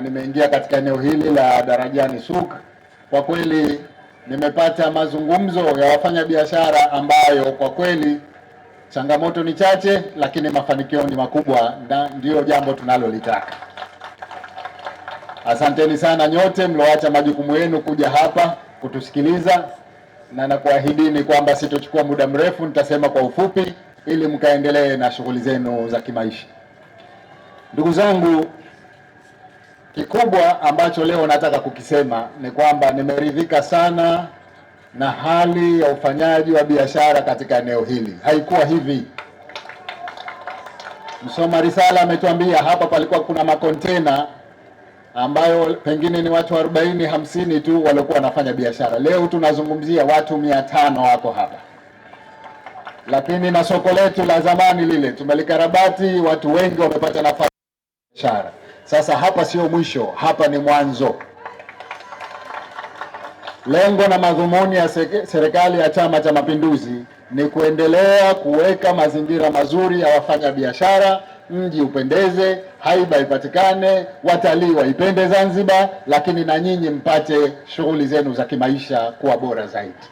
Nimeingia katika eneo hili la Darajani Souk. Kwa kweli nimepata mazungumzo ya wafanyabiashara ambayo kwa kweli changamoto ni chache, lakini mafanikio ni makubwa, na ndiyo jambo tunalolitaka. Asanteni sana nyote mlioacha majukumu yenu kuja hapa kutusikiliza, na nakuahidini kwamba sitochukua muda mrefu, nitasema kwa ufupi ili mkaendelee na shughuli zenu za kimaisha. Ndugu zangu Kikubwa ambacho leo nataka kukisema ni kwamba nimeridhika sana na hali ya ufanyaji wa biashara katika eneo hili. Haikuwa hivi. Msoma risala ametuambia hapa palikuwa kuna makontena ambayo pengine ni watu 40 50 tu waliokuwa wanafanya biashara. Leo tunazungumzia watu mia tano wako hapa, lakini na soko letu la zamani lile tumelikarabati, watu wengi wamepata nafasi biashara. Sasa hapa sio mwisho, hapa ni mwanzo. Lengo na madhumuni ya serikali ya Chama cha Mapinduzi ni kuendelea kuweka mazingira mazuri ya wafanyabiashara, mji upendeze, haiba ipatikane, watalii waipende Zanzibar, lakini na nyinyi mpate shughuli zenu za kimaisha kuwa bora zaidi.